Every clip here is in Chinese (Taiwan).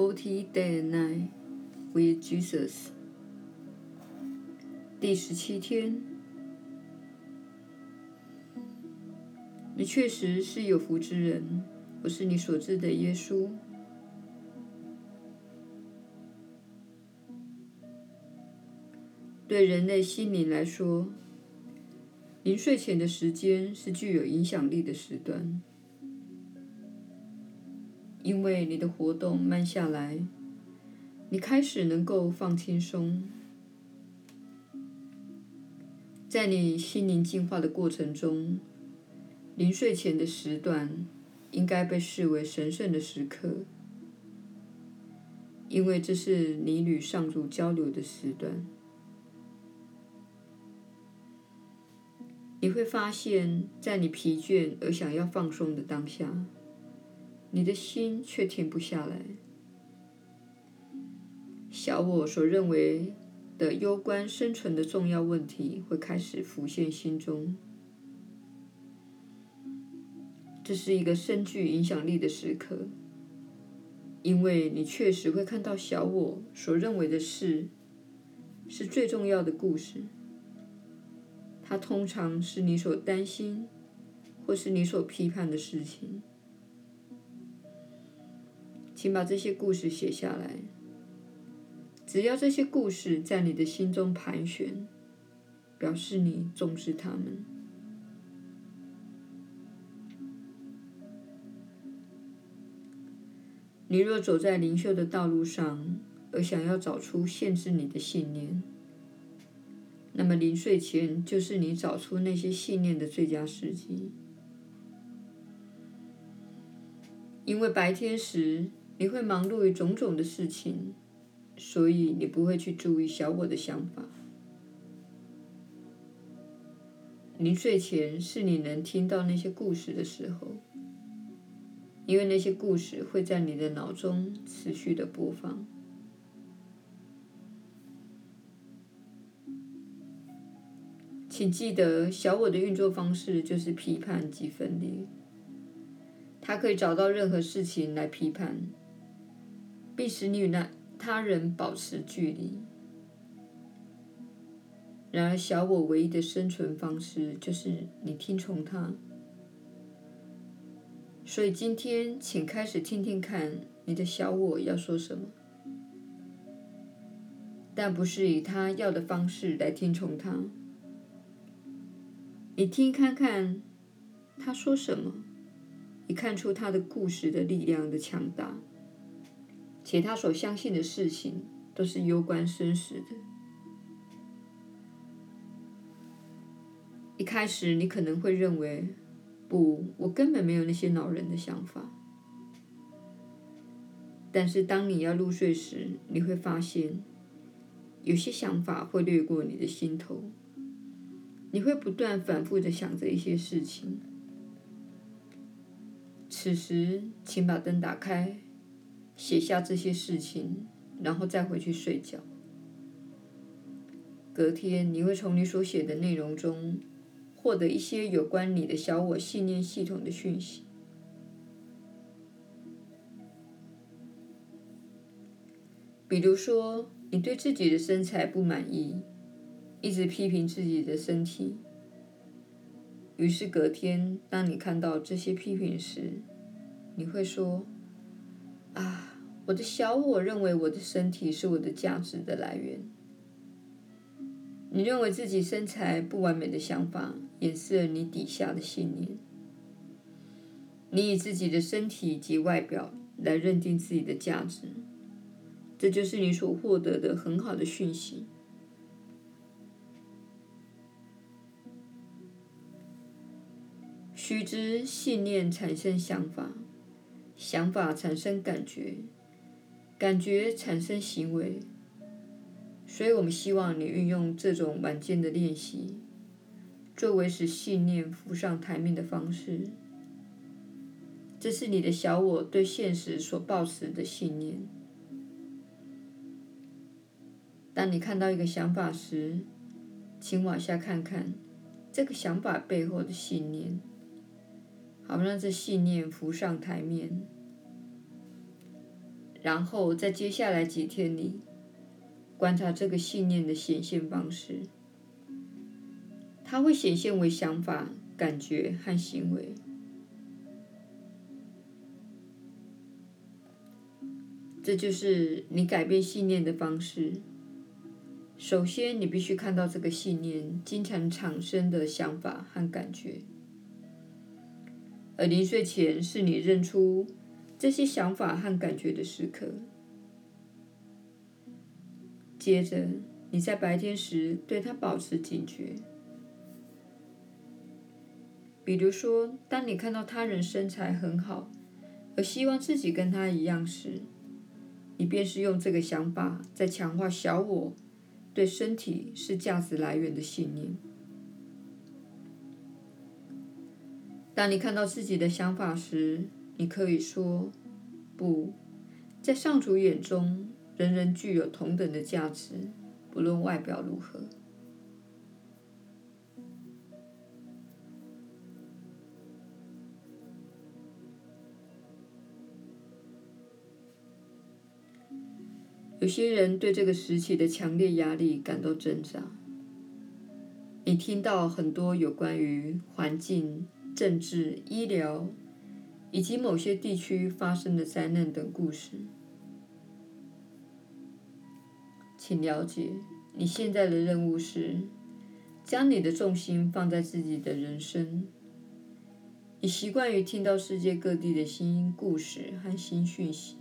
40 day and night with Jesus，第十七天，你確實是有福之人，我是你所知的耶穌。對人類心靈來說，臨睡前的時間是具有影響力的時段。因為你的活動慢下來，你開始能夠放輕鬆。在你心靈進化的過程中，臨睡前的時段應該被視為神聖的時刻，因為這是你與上主交流的時段。你會發現，在你疲倦而想要放鬆的當下，你的心卻停不下來，小我所認為的攸關生存的重要問題會開始浮現心中。這是一個深具影響力的時刻，因為你確實會看到小我所認為的事是最重要的故事。它通常是你所擔心或是你所批判的事情。請把這些故事寫下來。只要這些故事在你的心中盤旋，表示你重視他們。你若走在靈修的道路上，而想要找出限制你的信念，那麼臨睡前就是你找出那些信念的最佳時機。因為白天時。你會忙碌於種種的事情，所以你不會去注意小我的想法。臨睡前是你能聽到那些故事的時候，因為那些故事會在你的腦中持續地播放。請記得，小我的運作方式就是批判及分裂，它可以找到任何事情來批判。並使你與那他人保持距離。然而，小我唯一的生存方式就是你聽從它。所以，今天請開始聽聽看你的小我要說什麼，但不是以它要的方式來聽從它。你聽看看它說什麼，你看出它的故事的力量的強大。且他所相信的事情都是攸關生死的。一開始你可能會認為，不，我根本沒有那些惱人的想法。但是當你要入睡時，你會發現，有些想法會掠過你的心頭，你會不斷反復的想着一些事情。此時，請把燈打開。寫下這些事情，然後再回去睡覺。隔天，你會從你所寫的內容中獲得一些有關你的小我信念系統的訊息。比如說，你對自己的身材不滿意，一直批評自己的身體。於是隔天，當你看到這些批評時，你會說：“啊。”我的小我認為我的身體是我的價值的來源。你認為自己身材不完美的想法，掩飾了你底下的信念。你以自己的身體以及外表來認定自己的價值，這就是你所獲得的很好的訊息。須知，信念產生想法，想法產生感覺。感覺產生行為，所以我們希望你運用這種晚間的練習，作為使信念浮上台面的方式。這是你的小我對現實所抱持的信念。當你看到一個想法時，請往下看看這個想法背後的信念，好讓這信念浮上台面。然後在接下來幾天裡，觀察這個信念的顯現方式，它會顯現為想法、感覺和行為。這就是你改變信念的方式。首先，你必須看到這個信念經常產生的想法和感覺，而臨睡前是你認出這些想法和感覺的時刻，接着你在白天時對它保持警覺。比如說，當你看到他人身材很好，而希望自己跟他一樣時，你便是用這個想法在強化小我對身體是價值來源的信念。當你看到自己的想法時，你可以說，不，在上主眼中，人人具有同等的價值，不論外表如何。有些人對這個時期的強烈壓力感到掙扎。你聽到很多有關於環境、政治、醫療，以及某些地區發生的災難等故事。請了解，你現在的任務是將你的重心放在自己的人生。你習慣於聽到世界各地的新故事和新訊息，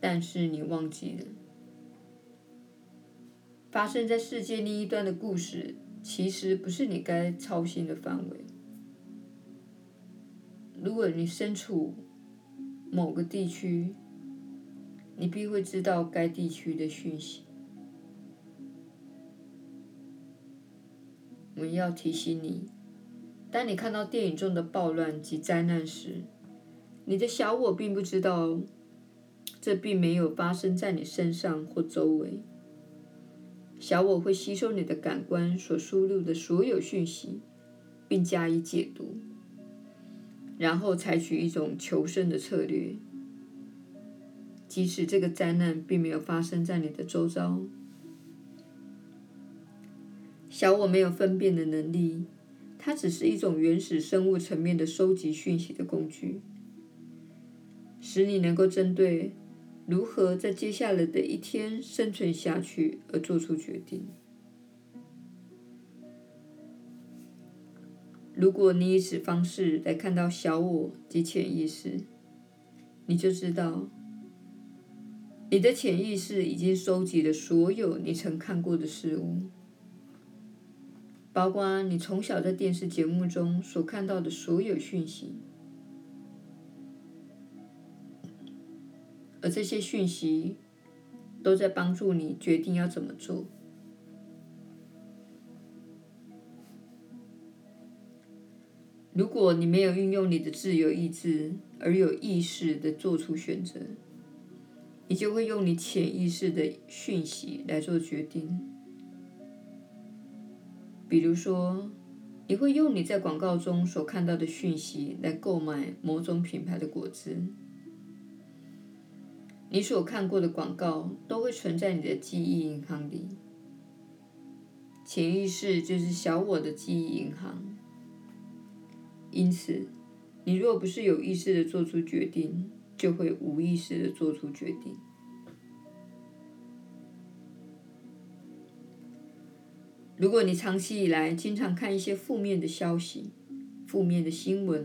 但是你忘記了，發生在世界另一端的故事，其實不是你該操心的範圍。如果你身處某個地區，你必會知道該地區的訊息。我們要提醒你，當你看到電影中的暴亂及災難時，你的小我並不知道，這並沒有發生在你身上或周圍。小我會吸收你的感官所輸入的所有訊息，並加以解讀。然後採取一種求生的策略，即使這個災難並沒有發生在你的周遭。小我沒有分辨的能力，它只是一種原始生物層面的收集訊息的工具，使你能夠針對如何在接下來的一天生存下去而做出決定。如果你以此方式來看待小我及潛意識，你就知道，你的潛意識已經收集了所有你曾看過的事物，包括你從小在電視節目中所看到的所有訊息，而這些訊息，都在幫助你決定要怎麼做。如果你沒有運用你的自由意志而有意識地做出選擇，你就會用你潛意識的訊息來做決定。比如說，你會用你在廣告中所看到的訊息來購買某種品牌的果汁。你所看過的廣告都會存在你的記憶銀行裡。潛意識就是小我的記憶銀行。因此，你若不是有意識的做出決定，就會無意識的做出決定。如果你長期以來經常看一些負面的消息、負面的新聞，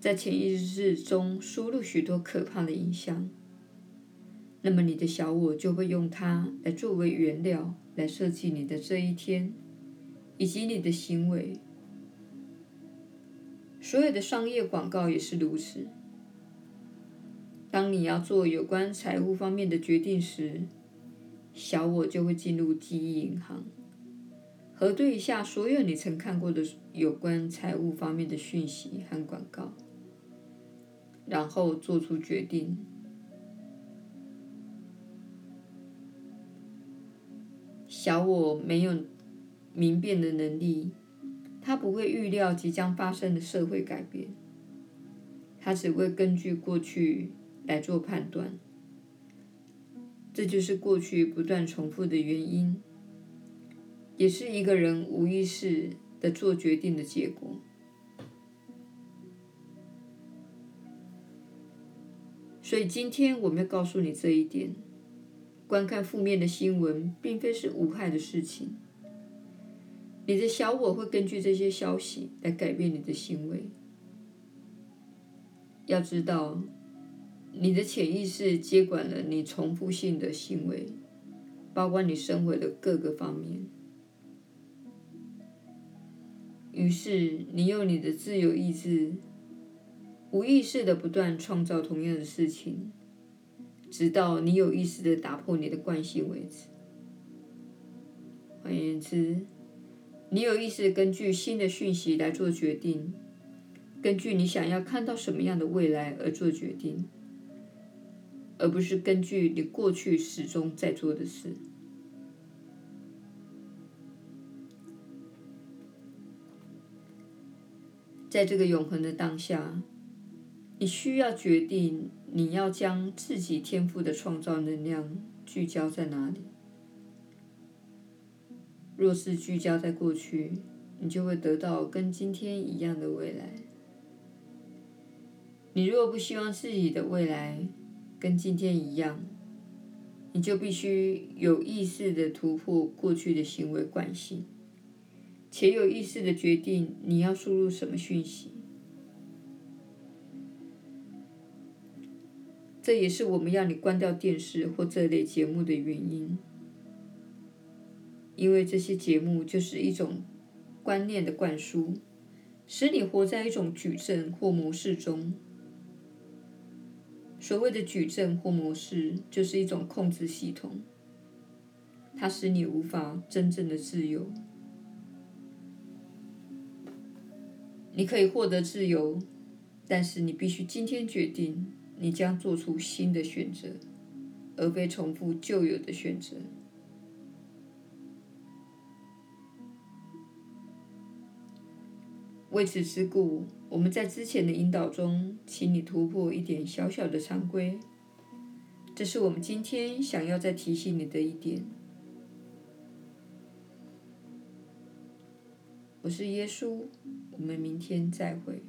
在潛意識中輸入許多可怕的影像，那麼你的小我就會用它來作為原料，來設計你的這一天，以及你的行為。所有的商業廣告也是如此。當你要做有關財務方面的決定時，小我就會進入記憶銀行，核對一下所有你曾看過的有關財務方面的訊息和廣告，然後做出決定。小我沒有明辨的能力。他不會預料即將發生的社會改變，他只會根據過去來做判斷，這就是過去不斷重複的原因，也是一個人無意識地做決定的結果。所以今天我們要告訴你這一點，觀看負面的新聞並非是無害的事情。你的小我會根據這些消息來改變你的行為。要知道，你的潛意識接管了你重複性的行為，包括你生活的各個方面。於是，你用你的自由意志，無意識的不斷創造同樣的事情，直到你有意識的打破你的慣性為止。換言之，你有意識根據新的訊息來做決定，根據你想要看到什麼樣的未來而做決定，而不是根據你過去始終在做的事。在這個永恆的當下，你需要決定你要將自己天賦的創造能量聚焦在哪裡。若是聚焦在過去，你就會得到跟今天一樣的未來。你若不希望自己的未來跟今天一樣，你就必須有意識的突破過去的行為慣性，且有意識的決定你要輸入什麼訊息。這也是我們要你關掉電視或這類節目的原因。因為這些節目就是一種觀念的灌輸，使你活在一種矩陣或模式中。所謂的矩陣或模式，就是一種控制系統，它使你無法真正的自由。你可以獲得自由，但是你必須今天決定，你將做出新的選擇，而非重複舊有的選擇。為此之故，我們在之前的引導中，請你突破一點小小的常規。這是我們今天想要再提醒你的一點。我是耶穌，我們明天再會。